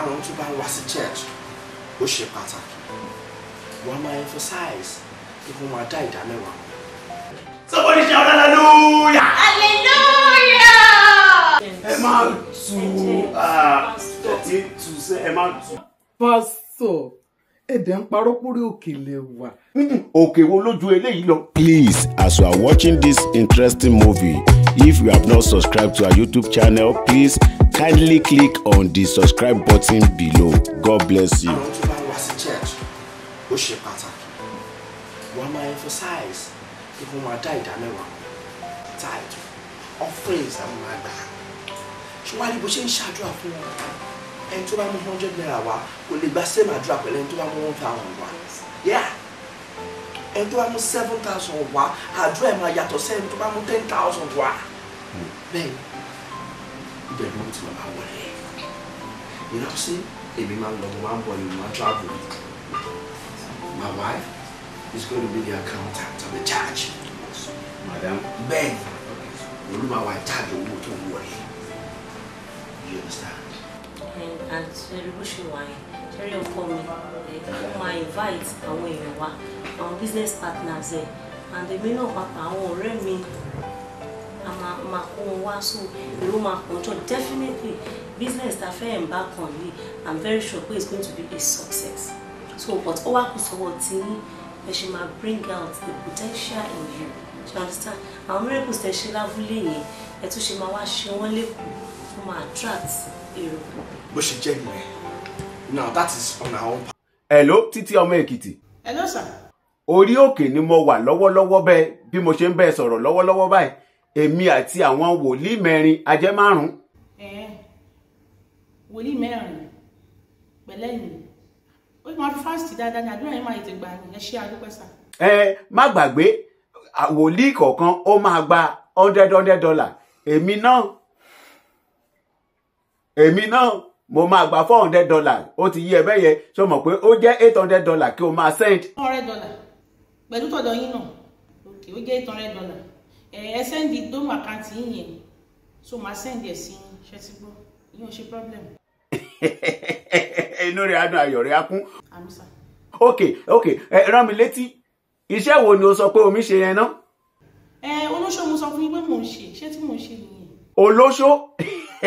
àwọn tó bá wá sí church ó ṣe pàtàkì wọ́n máa emphasize kí wọ́n máa dá ìdá mẹ́wàá. somebody shout hallelujah. hallelujah. ẹ máa tu ah, ẹ tu ẹ máa tu. pásítọ̀ èdè ń parọ́ pórí òkè lè wà. Hmm, òkè wo lójú eléyìí lọ. please as you are watching this interesting movie if you have not subscribed to our YouTube channel please kindly click on the subscribe button below god bless you. àwọn tó bá wá sí church ó ṣe pàtàkì wọ́n máa emphasize kí wọ́n máa dá ìdá mẹ́wàá offerings àwọn máa gbà ṣùgbọ́n àlebo ṣe ń ṣàdúrà fún wọn ẹni tó bá mú hundred naira wá kò lè gba same àdúrà pẹ̀lú ẹni tó bá mú one thousand wá ẹni tó bá mú seven thousand wá àdúrà ẹ̀ máa yàtọ̀ sẹ́ni tó bá mú ten thousand wá hmm. bẹ́ẹ̀ bẹ́ẹ̀ tí màmá wọlé you know say èmi máa ń lọ mo máa ń bọ̀ ni mo máa ń travel my wife is going to be the accountant of the church. madam bẹ́ẹ̀ olùmọ̀wá jáde owó tó ń wọlé you understand. and ṣẹlẹ bó ṣe wà yẹn ṣẹlẹ ọkọ mi ó máa invite àwọn èèyàn wa àwọn business partners ẹ and èmi náà pàpà àwọn ọ̀rẹ́ mi máa kó wọn wá so èrò máa pọ̀ jọ definitely business ta fẹ́ ẹ̀ ń bá kan yìí i'm very sure pé it's going to be a success so but ó wá kù sọ́wọ́ tí ẹ ṣe máa bring out the potential in you do you understand àwọn miracles tẹ ṣe lábúlé yẹn ẹ tún ṣe máa wá ṣe wọ́n lẹ́kọ̀ọ́ tó máa attract èrò. bó ṣe jẹ́ nìyẹn now that is on our own. hello títí ọmọ èkìtì. hello sir. orí òkè ni mo wà lọ́wọ́lọ́wọ́ bẹ́ẹ̀ bí mo ṣe ń bẹ́ẹ̀ sọ̀rọ̀ lọ́wọ́lọ́wọ́ báyìí èmi àti àwọn wòlíì mẹ́rin ajẹ́ márùn-ún. ẹ wòlíì mẹ́rin pẹ̀lẹ́yìn ó máa fi fásitì dáadáa ní àdúrà yẹn máa tètè gbà ní ẹ ṣe àdúpẹ́ sà. ẹ má gbàgbé wòlíì kọ̀ọ̀kan ó máa gba hundred hundred dollar èmi náà èmi náà mo máa gba four hundred dollar ó ti yí ẹbẹ yẹn tó mọ̀ pé ó jẹ́ eight hundred dollar kí o máa send. four hundred dollar pẹ̀lú tọ̀dọ̀ yín náà òkè ó jẹ́ eight hundred dollar ẹ sẹ́ndì dómù àkáǹtì yín yẹn so màá sẹ́ndì ẹ̀ sí yín ṣe ti gbọ́ ìyẹn ò ṣe problem. inú rẹ̀ adùn ayọ̀ rẹ̀ á kún. àmísà. ok ok ẹ rán mi létí iṣẹ́ wo ni o sọ pé omi ṣe yẹn náà. ẹ olóṣó mo sọ fún yín pé mò ń ṣe ṣé tí mò ń ṣe nìyẹn. olóṣó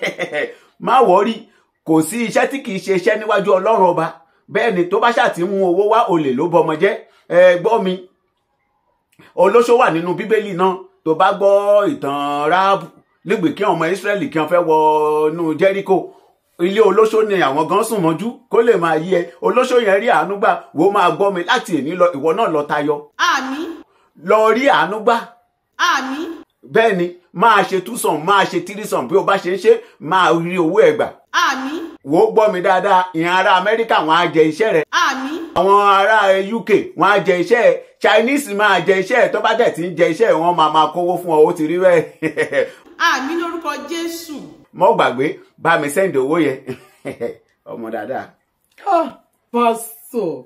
má wọrí kò sí iṣẹ́ tí kì í ṣe iṣẹ́ níwájú ọlọ́run ọba bẹ́ẹ̀ ni tó bá ṣàti mú owó wá olè ló bọmọ jẹ́ ẹ gbọ́ mi olóṣó wà nínú bíbélì náà tó bá gbọ́ ìtàn ráàbù nígbè kí ọmọ Ísírẹ́lì kí wọ́n fẹ́ wọ inú Jẹ́ríkò ilé olóṣó ni àwọn gan sùn mọ́jú kó lè máa yí ẹ olóṣó yẹn rí àánú gbà wo máa gbọ́ mi láti èní lọ ìwọ náà lọ tayọ. àmín. lọ rí àánú gbà. àmín. bẹ́ẹ̀ ni máa ṣe túsàn máa ṣe tírísàn bí o bá ṣe ń ṣe máa rí owó ẹ̀ gbà. àmín. wo gbọ́ mi dáadáa ìyẹn ará Amẹ́ríkà wọ́n á jẹ iṣẹ́ rẹ̀. àmín. àwọn ará UK wọ́n á jẹ iṣẹ́ chinese máa jẹ iṣẹ́ ẹ̀ tó bá dẹ̀ ti ń jẹ iṣẹ́ ẹ̀ wọ́n máa máa kówó fún ọ ó ti rí bẹ́ẹ̀. àmì lórúkọ jésù. mo gbàgbé bá mi sẹ́ǹdì owó yẹn ọmọ dáadáa. pásítọ̀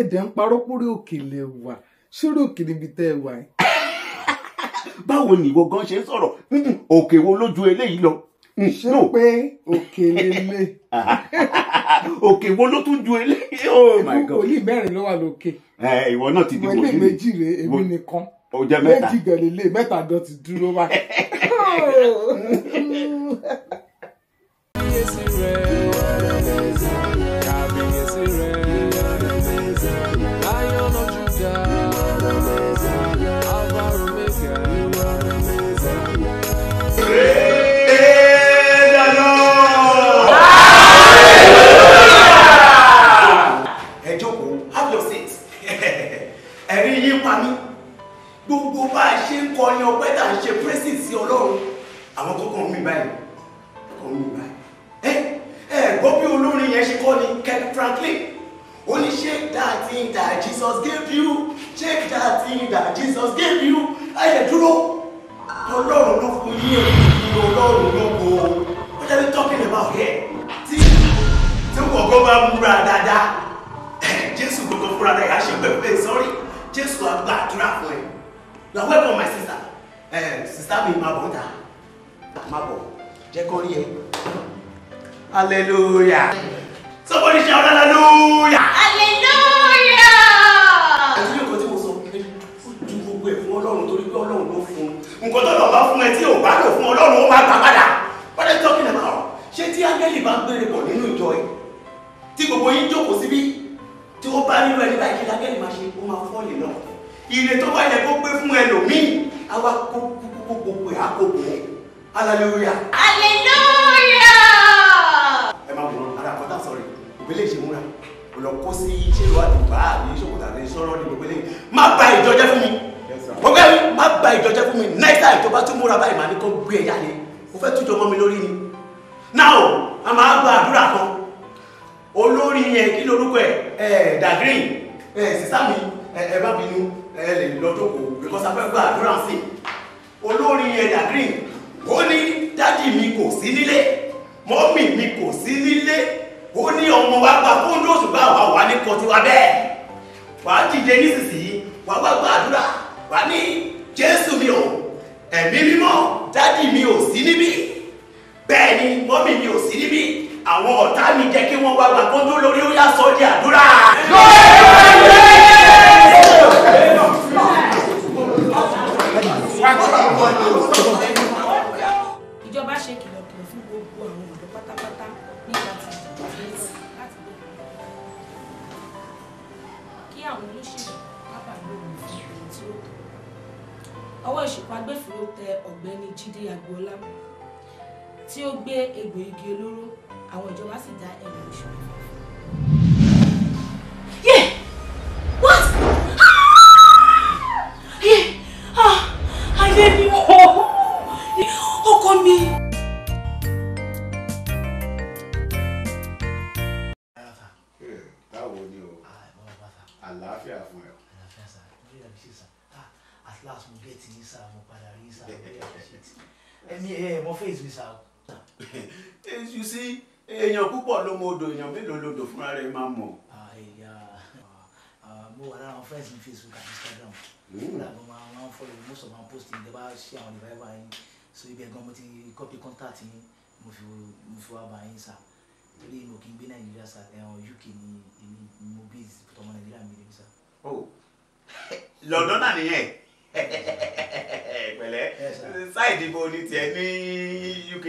ẹ̀dẹ̀ ń parọ́ pórí òkèlè wà sórí òkèlè ibi tẹ́ ẹ wà. báwo ni ìwọ gan ṣe ń sọ̀rọ̀ òkè wo lójú eléyìí lọ ṣé pé òkè lélẹ̀. òkè wo ló tún ju eléyìí. Oh wòlíì mẹ́rin ló wà lókè. ìwọ náà ti di wòlíì. wòlíì méjì rèé èmi nìkan. ó jẹ́ mẹ́ta méjì gẹ̀lélẹ̀ mẹ́ta gan ti dúró wá. Franklin only ní shake that thing that Jesus gave you shake that thing that Jesus gave you ayẹ dúró ọlọ́run ló fún yín èyí ọlọ́run ló kó What are jẹ́ talking about here tí tí gbogbo bá múra dáadáa Jésù gbogbo fúnra rẹ̀ á ṣe pẹ̀pẹ́ sọ́rí Jésù àgbà àdúrà fún ẹ na welcome my sister ẹ eh, sister mi máa bọ̀ ń ta máa bọ̀ jẹ́ kọ́ rí ẹ hallelujah. Somebody shout hallelujah. Hallelujah. Àti nǹkan tí mo sọ pé ó ju gbogbo ẹ̀ fún Ọlọ́run torí pé Ọlọ́run ló fún un. Nǹkan tó lọ́ọ́ bá fún ẹ tí ò bá lò fún Ọlọ́run ó máa gbà padà. What are you talking about? Ṣé tí Ángẹ́lì bá ń gbére bọ̀ nínú ìjọ ẹ̀? Tí gbogbo yín jókòó síbí tí ó bá nínú ẹni báyìí kí Ángẹ́lì máa ṣe ó máa fọ́ọ̀lì náà. Ire tó bá yẹ kó pé fún ẹlòmíì, àwa kó gbogbo ẹ̀ á kó bò ó. Hallelujah. Hallelujah gbélé ṣe múra kò lọ kó sí iṣẹ́ ìlú àdìgbà àbí ìṣòwò tàbí sọ̀rọ̀ ní gbogbo eléyìí má ba ìjọ jẹ́ fún mi gbogbo ẹ̀mí má ba ìjọ jẹ́ fún mi náírà ìjọba tún múra báyìí màá ní kó gbé ẹ̀yà ni mo fẹ́ tújọ mọ́ mi lórí ni náà a máa gba àdúrà kan olórí yẹn kí lorúkọ ẹ ẹ dàgírìn ẹ sísá mi ẹ bá bínú ẹ lè lọ because a fẹ́ gba àdúrà sí olórí yẹn dàgírìn ó ní dádì mi kò sí nílé mọ́mì mi kò sí nílé ó ní ọmọ wa gba kóńdó òṣùpá wa wà ní kọtí wa bẹ́ẹ̀ wà á dìde nísinsìnyí wà á wá gba wà ní jésù mi ò ẹ̀mí mímọ́ dádì mi ò sí níbí bẹ́ẹ̀ ni mọ́mì mi ò sí níbí àwọn ọ̀tá mi jẹ́ kí wọ́n wá gba kóńdó lórí ó yá sọ di àdúrà. ìjọba ṣe kìlọ̀ fún gbogbo àwọn ọ̀dọ́ pátápátá ọwọ́ ìṣèkọ agbófinró tẹ ọ̀gbẹ́ni jíde agboola tí ó gbé egbò igi olóró àwọn ìjọba sì dá ẹ̀wọ̀n oṣù mẹ́fà àlàáfíà fún ẹ. àlàáfíà sà lórí ìdàbí sí sà ah at last mo get ní sà mo padà rí sà lórí àṣìṣe ẹ mo face mi sà you see èèyàn púpọ̀ ló mọ odò èèyàn mélòó lodò fúnra rẹ̀ máa mọ̀. mo wà lára àwọn friends ní Facebook àti Instagram fúnra mm. mi máa máa ń follow most of my post ní ìjọba ṣé àwọn ìbáyìí wà yín so ibẹ̀ gan mo ti copy contact yín mo fi wá bá yín sà ilé inú kí n gbé nàìjíríà sa ẹ̀hàn uk ní èmi mo base tọmọ nàìjíríà mi níbi sa. o london náà nìyẹn pẹ̀lẹ́ ṣáìdì ibo ni tiẹ̀ ní uk.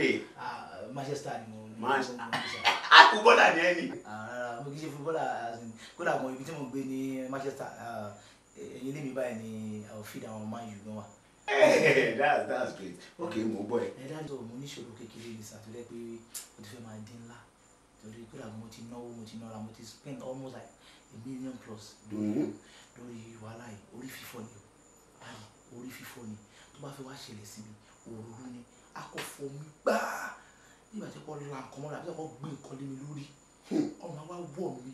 manchester ni mo manchester ah, fúbọ́là ni ẹ ní. rárá mo kì í ṣe fúbọ́là kódà àwọn ibi tí mo gbé ní manchester ẹ̀yìn lèmi báyìí ni outfield àwọn man u gan wa. that's that's great okay mo bọ ẹ. ẹ dájú mo níṣòro kékeré ní sàtúndẹ́ pé o ti fẹ́ máa dín ńlá torí pé àwọn mo ti náwó mo ti nára mo ti spend almost like a million plus lórí mm-hmm. lórí wàhálà yìí orí fífọ́ ni o báyìí orí fífọ́ ni tó bá fi wá ṣẹlẹ̀ sí mi òróró ni a kò fọ mi gbáà nígbà tí kò la nǹkan mọ́ra àbí kò gbé nǹkan lé mi lórí ọmọ wa wọ̀ mi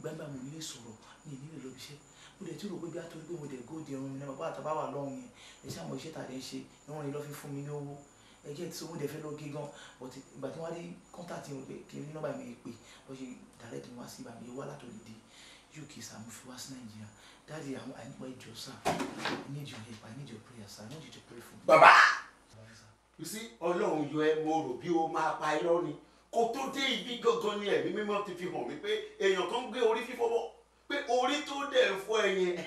gbẹ́ngbà mi nílé sọ̀rọ̀ mi nílé lọ́bi iṣẹ́ mo dẹ̀ tí rò pé bí a torí pé mo dẹ̀ góòdì ẹ̀rùn mi náà bàbá àtàbáwà lọ́hùn yẹn ẹ̀ṣẹ́ àmọ́ iṣẹ́ tàdé ń ṣe ni wọ́n ní fún mi ní owó ẹjẹ tí owó dẹfẹ ló gé gan but ìgbà tí wọn rí kọ́ńtàtì wọn pé kí n ní mi pè lọ ṣe direct wá sí ìbàmì wá látọ̀lẹ̀ dé uk sàmú fi wá sí nàìjíríà dáàdi àwọn àìnípa ìjọ sir i need your help i need your prayer sir i need you to pray for me. bàbá you see ọlọ́run yọ ẹ mo rò bí o máa pa irọ́ ni kó tó dé ibi gangan ni ẹ̀mí mímọ́ ti fi hàn mí pé èèyàn kan gbé orí fífọ́ bọ̀ pé orí tó dẹ̀ ń fọ́ ẹyin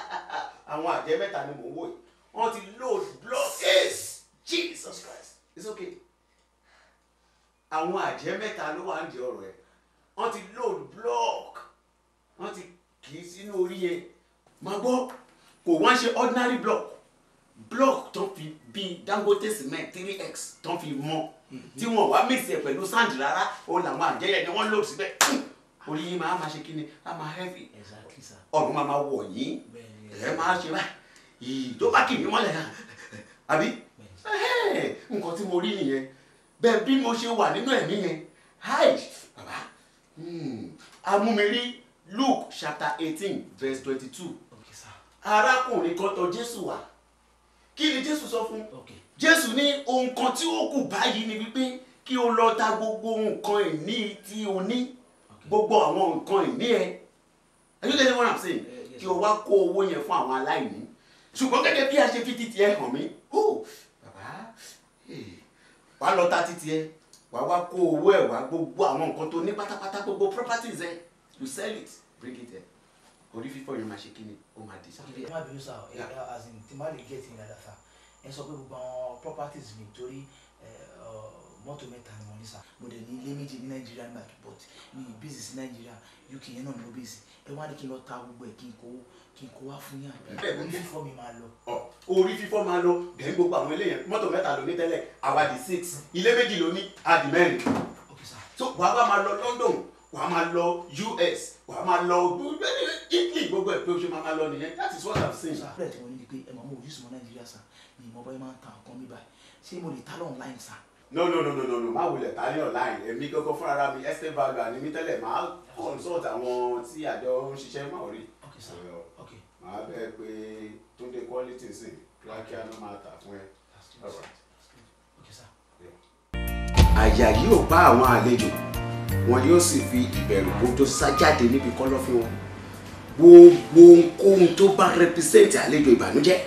àwọn àjẹ́ ni mò ń wò yìí wọ́n ti load blockades Jesus Christ it's okay àwọn àjẹ́ mẹ́ta ló wà ń di ọ̀rọ̀ ẹ̀ wọ́n ti load block wọ́n ti kì í sínú orí ẹ̀ máa gbọ́ kò wọ́n ṣe ordinary block block tó fi bí Dangote cement three x tó fi mọ́ tí wọ́n wá mix ẹ̀ pẹ̀lú sand rárá òun làwọn àjẹ́ yẹn ni wọ́n load síbẹ̀ orí yín máa máa ṣe kí ni a máa heavy ọ̀run máa máa wọ̀ yín ẹ̀ máa ṣe báyìí tó bá kì í mọ́lẹ̀ àbí nǹkan tí mo rí nìyẹn bẹ́ẹ̀ bí mo ṣe wà nínú ẹ̀mí yẹn hi baba hmm. amúmirí Luke chapter eighteen verse twenty-two arákùnrin kan tọ̀ Jésù wá kí ni Jésù sọ fún Jésù ní ohun kan tí ó kù báyìí ni wípé kí o lọ ta gbogbo nǹkan ìní tí o ní gbogbo àwọn nǹkan ìní ẹ are you getting what i'm saying eh, kí o wá kó owó yẹn fún àwọn aláìní ṣùgbọ́n gẹ́gẹ́ bí a ṣe fi titi ẹ hàn mí wàá lọ ta títí ẹ wàá wá kó owó ẹ wá gbogbo àwọn nǹkan tó ní pátápátá gbogbo properties ẹ you sell it bring it ẹ orí fífọ́ yìí máa ṣe kí ni ó máa dé sáré. ẹ má bínú sá ẹ as in tí má lè get in dada sá ẹ sọ pé gbogbo àwọn properties mi torí mọ́tò mẹ́ta ni mo ní sà mo dẹ̀ ní ilé méjì ní nàìjíríà nígbà tó bọ̀ ní bíìsì sí nàìjíríà uk yẹn náà ni mo bíìsì ẹ wá ní kí n lọ ta gbogbo ẹ kí n kó kí n kó wá fún yàn orí fífọ́ mi máa lọ. orí fífọ́ máa lọ dẹ̀ ń gbogbo àwọn eléyẹn mọ́tò mẹ́ta ló ní tẹ́lẹ̀ àwa di six ilé méjì ló ní àdì mẹ́rin so wàá wá máa lọ London wàá máa lọ US wàá máa lọ Italy gbogbo ẹ̀ pé o ṣe máa máa lọ nìyẹn that is what I'm saying. àpẹẹrẹ tí mo ní ni pé ẹ mọ̀ mo ò yí sùnmọ́ nàìjíríà sà ni ìmọ̀ bọ́ ẹ máa ń ta ọkàn mi báyìí ṣé mo lè ta lọ́ọ̀nù láì sàn no no no no no no má wulẹ̀ ta ní online èmi kankan fún ara mi estate value àní mi tẹ́lẹ̀ máa consult àwọn tí àjọ ń ṣiṣẹ́ máa rí. màá bẹ́ẹ̀ pé túnde quality sí kíákíá ló máa tà fún ẹ. àyà yìí ò bá àwọn àlejò wọn yóò sì fi ìbẹ̀rù bójó sá jáde níbi kọ́lọ́fín wọn gbogbo ohunkóhun tó bá represent àlejò ìbànújẹ́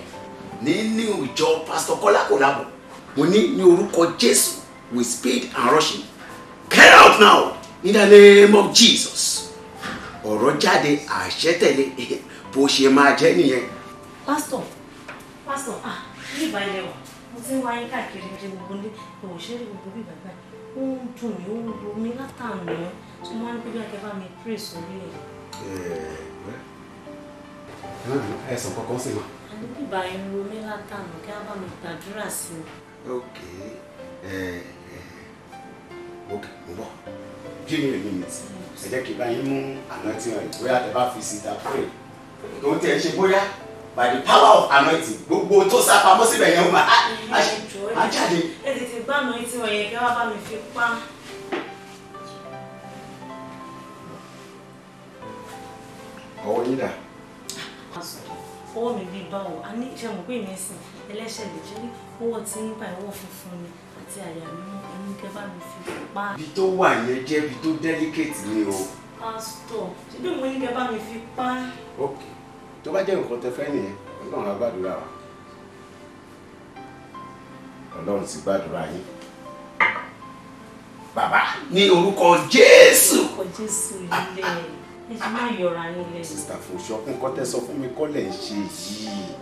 nínú ìjọ pásítọ̀ Kọ́lá Kòlábọ̀ mo ní ní orúkọ Jésù with speed and rushing get out now in the name of Jesus ọ̀rọ̀ jáde àṣẹ tẹ̀lé bó ṣe máa jẹ́ nìyẹn. pásítọ̀ pásítọ̀ ah ní ìgbà ilẹ̀ wa mo ti ń wáyé káàkiri ní gbogbo ní òṣèré gbogbo bí bàbá ó ń dùn mí ó ń ro mi látàná tó máa ń gbé bẹ́ẹ̀ kẹ́ bá mi pray sórí ẹ̀. ẹ̀ẹ́dẹ́gbẹ̀rún ẹ̀sán kọ̀ọ̀kan sì wà. àdúgbò ìbá ń ro mi látàná kí wọ́n bá mi gbàdúrà sí i ok ẹ eh, ẹ eh. ok mo give me a minute ẹ jẹ́ kí n bá yín mú anointing oil bóyá tẹ bá fi sí ta pray tó ń tẹ̀ by the power of anointing gbogbo tó sá pamọ́ síbẹ̀ yẹn wọ́n ah, á jáde. ẹ tètè bá anointing oil yẹn kí wọ́n bá mi fi pa. ọwọ́ yín dà ọwọ́ mi bíi báwo a ní ṣe pé mi sìn ẹlẹ́ṣẹ̀ lè jẹ́ ọwọ́ tí ń bá ẹwọ́ funfun ni àti àyà mi mú ẹnu kẹ mi fi pa. ibi tó wà yẹn jẹ́ ibi tó delicate ni o. pásítọ̀ ṣé bí mo ní kẹ bá mi fi pa. ok tó bá jẹ́ nǹkan tẹ fẹ́ nìyẹn ọlọ́run á gbàdúrà wa ọlọ́run sì gbàdúrà yín bàbá ní orúkọ jésù. orúkọ jésù ilé sista Fúnṣọ́ nǹkan tẹ́ sọ fún mi kọ́ lẹ̀ ń ṣe yìí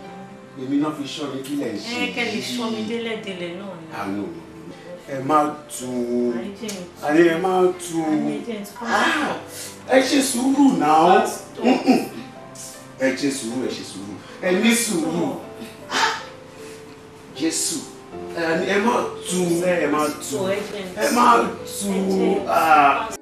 èmi náà fi ṣọ́ mi kí lẹ̀ ń ṣe yìí. ẹ̀ẹ́kẹ́ lè ṣọ́ mi délẹ̀délẹ̀ náà ni. àánú mi ẹ máa tu àní ẹ máa tu ah! ẹ ṣe sùúrù náà ẹ ṣe sùúrù ẹ ṣe sùúrù ẹ ní sùúrù Jésù ẹ máa tu ẹ máa tu ẹ máa tu. Ah!